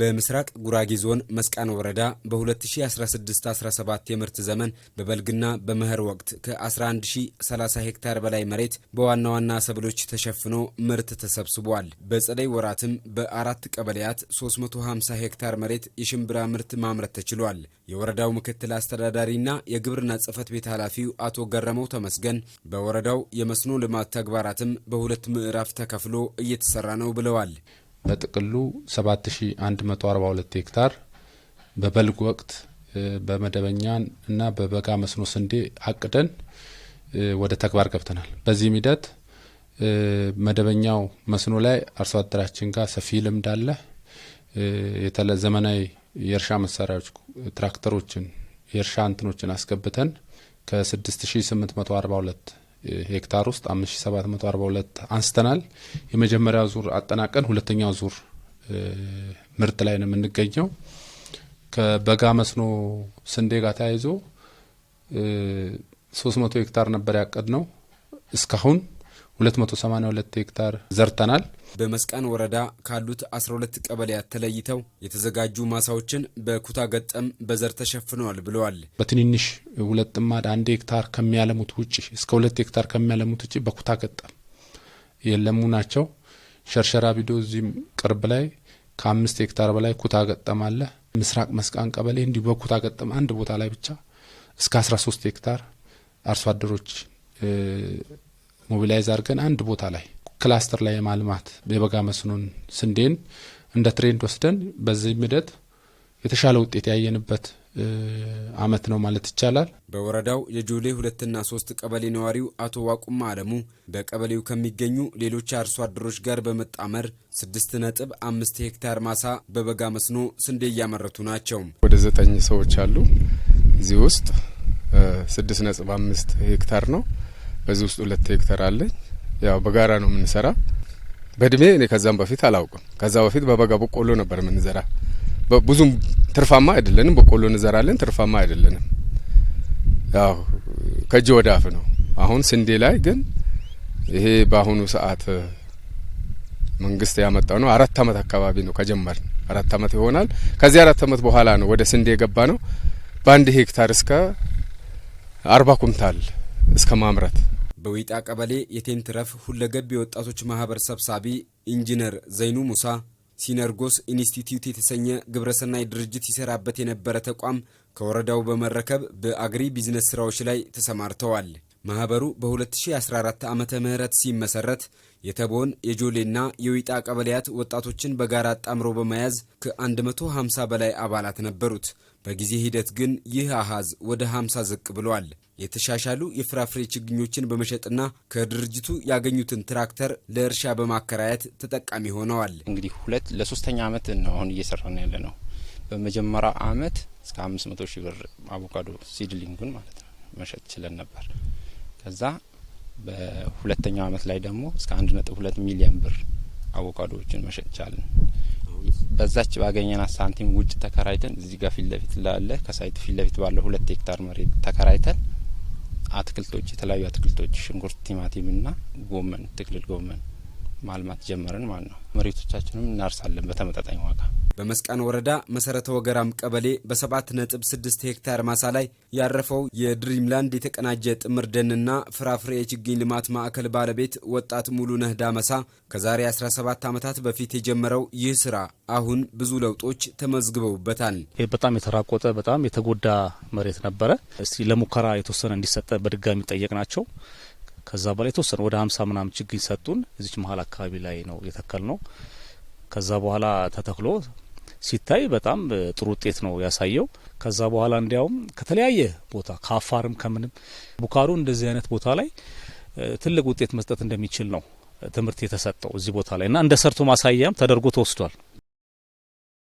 በምስራቅ ጉራጌ ዞን መስቃን ወረዳ በ2016-17 የምርት ዘመን በበልግና በመኸር ወቅት ከ11030 ሄክታር በላይ መሬት በዋና ዋና ሰብሎች ተሸፍኖ ምርት ተሰብስቧል። በጸደይ ወራትም በአራት ቀበሌያት 350 ሄክታር መሬት የሽምብራ ምርት ማምረት ተችሏል። የወረዳው ምክትል አስተዳዳሪና የግብርና ጽህፈት ቤት ኃላፊው አቶ ገረመው ተመስገን በወረዳው የመስኖ ልማት ተግባራትም በሁለት ምዕራፍ ተከፍሎ እየተሰራ ነው ብለዋል። በጥቅሉ 7142 ሄክታር በበልግ ወቅት በመደበኛ እና በበጋ መስኖ ስንዴ አቅደን ወደ ተግባር ገብተናል። በዚህም ሂደት መደበኛው መስኖ ላይ አርሶ አደራችን ጋር ሰፊ ልምድ አለ። ዘመናዊ የእርሻ መሳሪያዎች ትራክተሮችን፣ የእርሻ እንትኖችን አስገብተን ከ6842 ሄክታር ውስጥ 5742 አንስተናል። የመጀመሪያ ዙር አጠናቀን ሁለተኛው ዙር ምርት ላይ ነው የምንገኘው። ከበጋ መስኖ ስንዴ ጋር ተያይዞ 300 ሄክታር ነበር ያቀድ ነው እስካሁን 282 ሄክታር ዘርተናል። በመስቃን ወረዳ ካሉት 12 ቀበሌያት ተለይተው የተዘጋጁ ማሳዎችን በኩታ ገጠም በዘር ተሸፍነዋል ብለዋል። በትንንሽ ሁለት ጥማድ አንድ ሄክታር ከሚያለሙት ውጭ እስከ ሁለት ሄክታር ከሚያለሙት ውጭ በኩታ ገጠም የለሙ ናቸው። ሸርሸራ ቢዶ እዚህም ቅርብ ላይ ከአምስት ሄክታር በላይ ኩታ ገጠም አለ። ምስራቅ መስቃን ቀበሌ እንዲሁ በኩታ ገጠም አንድ ቦታ ላይ ብቻ እስከ 13 ሄክታር አርሶ አደሮች ሞቢላይዝ አድርገን አንድ ቦታ ላይ ክላስተር ላይ የማልማት የበጋ መስኖን ስንዴን እንደ ትሬንድ ወስደን በዚህም ሂደት የተሻለ ውጤት ያየንበት አመት ነው ማለት ይቻላል። በወረዳው የጆሌ ሁለትና ሶስት ቀበሌ ነዋሪው አቶ ዋቁማ አለሙ በቀበሌው ከሚገኙ ሌሎች አርሶ አደሮች ጋር በመጣመር ስድስት ነጥብ አምስት ሄክታር ማሳ በበጋ መስኖ ስንዴ እያመረቱ ናቸው። ወደ ዘጠኝ ሰዎች አሉ። እዚህ ውስጥ ስድስት ነጥብ አምስት ሄክታር ነው በዚህ ውስጥ ሁለት ሄክተር አለኝ። ያው በጋራ ነው የምንሰራ። በእድሜ እኔ ከዛም በፊት አላውቅም። ከዛ በፊት በበጋ በቆሎ ነበር የምንዘራ። ብዙም ትርፋማ አይደለንም። በቆሎ እንዘራለን፣ ትርፋማ አይደለንም። ያው ከእጅ ወደ አፍ ነው። አሁን ስንዴ ላይ ግን ይሄ በአሁኑ ሰዓት መንግስት ያመጣው ነው። አራት አመት አካባቢ ነው ከጀመር አራት አመት ይሆናል። ከዚህ አራት አመት በኋላ ነው ወደ ስንዴ የገባ ነው። በአንድ ሄክታር እስከ አርባ ኩንታል እስከ ማምረት በዊጣ ቀበሌ የቴንትረፍ ሁለገብ የወጣቶች ማህበር ሰብሳቢ ኢንጂነር ዘይኑ ሙሳ ሲነርጎስ ኢንስቲትዩት የተሰኘ ግብረሰናይ ድርጅት ሲሰራበት የነበረ ተቋም ከወረዳው በመረከብ በአግሪ ቢዝነስ ስራዎች ላይ ተሰማርተዋል። ማኅበሩ በ2014 ዓመተ ምህረት ሲመሰረት የተቦን የጆሌና የዊጣ ቀበሌያት ወጣቶችን በጋራ አጣምሮ በመያዝ ከ150 በላይ አባላት ነበሩት። በጊዜ ሂደት ግን ይህ አሃዝ ወደ 50 ዝቅ ብሏል። የተሻሻሉ የፍራፍሬ ችግኞችን በመሸጥና ከድርጅቱ ያገኙትን ትራክተር ለእርሻ በማከራየት ተጠቃሚ ሆነዋል። እንግዲህ ሁለት ለሶስተኛ ዓመት ነው አሁን እየሰራን ያለ ነው። በመጀመሪያ ዓመት እስከ 500 ሺህ ብር አቮካዶ ሲድሊንጉን ማለት ነው መሸጥ ችለን ነበር። ከዛ በሁለተኛው አመት ላይ ደግሞ እስከ አንድ ነጥብ ሁለት ሚሊዮን ብር አቮካዶዎችን መሸጥ ቻለን። በዛች ባገኘናት ሳንቲም ውጭ ተከራይተን እዚህ ጋር ፊት ለፊት ላለ ከሳይት ፊት ለፊት ባለው ሁለት ሄክታር መሬት ተከራይተን አትክልቶች፣ የተለያዩ አትክልቶች ሽንኩርት፣ ቲማቲምና ጎመን፣ ትክልል ጎመን ማልማት ጀመርን ማለት ነው። መሬቶቻችንም እናርሳለን በተመጣጣኝ ዋጋ በመስቃን ወረዳ መሰረተ ወገራም ቀበሌ በ7.6 ሄክታር ማሳ ላይ ያረፈው የድሪምላንድ የተቀናጀ ጥምር ደንና ፍራፍሬ የችግኝ ልማት ማዕከል ባለቤት ወጣት ሙሉነህ ዳመሳ ከዛሬ 17 ዓመታት በፊት የጀመረው ይህ ስራ አሁን ብዙ ለውጦች ተመዝግበውበታል። ይህ በጣም የተራቆጠ በጣም የተጎዳ መሬት ነበረ። እስቲ ለሙከራ የተወሰነ እንዲሰጠ በድጋሚ ጠየቅ ናቸው። ከዛ በላይ የተወሰነ ወደ 50 ምናምን ችግኝ ሰጡን። እዚች መሀል አካባቢ ላይ ነው የተከል ነው ከዛ በኋላ ተተክሎ ሲታይ በጣም ጥሩ ውጤት ነው ያሳየው። ከዛ በኋላ እንዲያውም ከተለያየ ቦታ ከአፋርም ከምንም ቡካሩ እንደዚህ አይነት ቦታ ላይ ትልቅ ውጤት መስጠት እንደሚችል ነው ትምህርት የተሰጠው እዚህ ቦታ ላይ እና እንደ ሰርቶ ማሳያም ተደርጎ ተወስዷል።